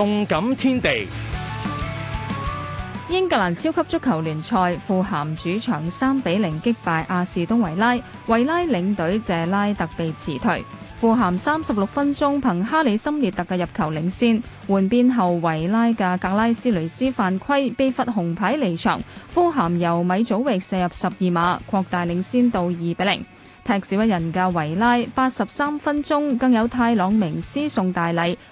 動感天地，英格蘭超級足球聯賽，富咸主場三比零擊敗阿士東維拉，維拉領隊謝拉特被辭退。富咸三十六分鐘憑哈里森列特嘅入球領先，換邊後，維拉嘅格拉斯雷斯犯規，被罰紅牌離場。富咸由米祖域射入十二碼，擴大領先到二比零。踢少一人嘅維拉八十三分鐘更有泰朗明斯送大禮。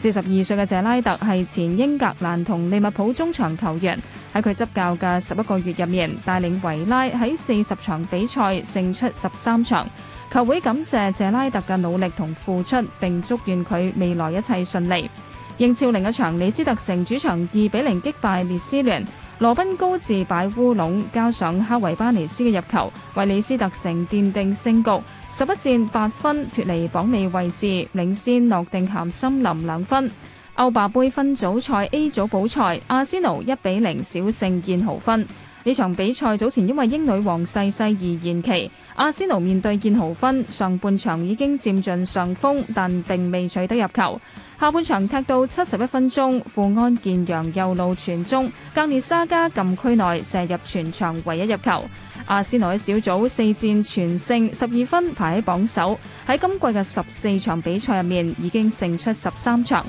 四十二歲嘅謝拉特係前英格蘭同利物浦中場球員，喺佢執教嘅十一個月入面，帶領維拉喺四十場比賽勝出十三場。球會感謝謝拉特嘅努力同付出，並祝願佢未來一切順利。英超另一場，李斯特城主場二比零擊敗列斯聯。羅賓高治擺烏龍，加上哈維巴尼斯嘅入球，為李斯特城奠定勝局。十一戰八分，脫離榜尾位置，領先諾定咸森林兩分。歐霸盃分組賽 A 組補賽，阿仙奴一比零小勝燕豪芬。呢場比賽早前因為英女王逝世，世而延期。阿仙奴面對燕豪芬，上半場已經佔盡上風，但並未取得入球。下半場踢到七十一分鐘，富安健洋右路傳中，格列沙加禁區內射入全場唯一入球。阿仙奴嘅小組四戰全勝，十二分排喺榜首。喺今季嘅十四場比賽入面，已經勝出十三場。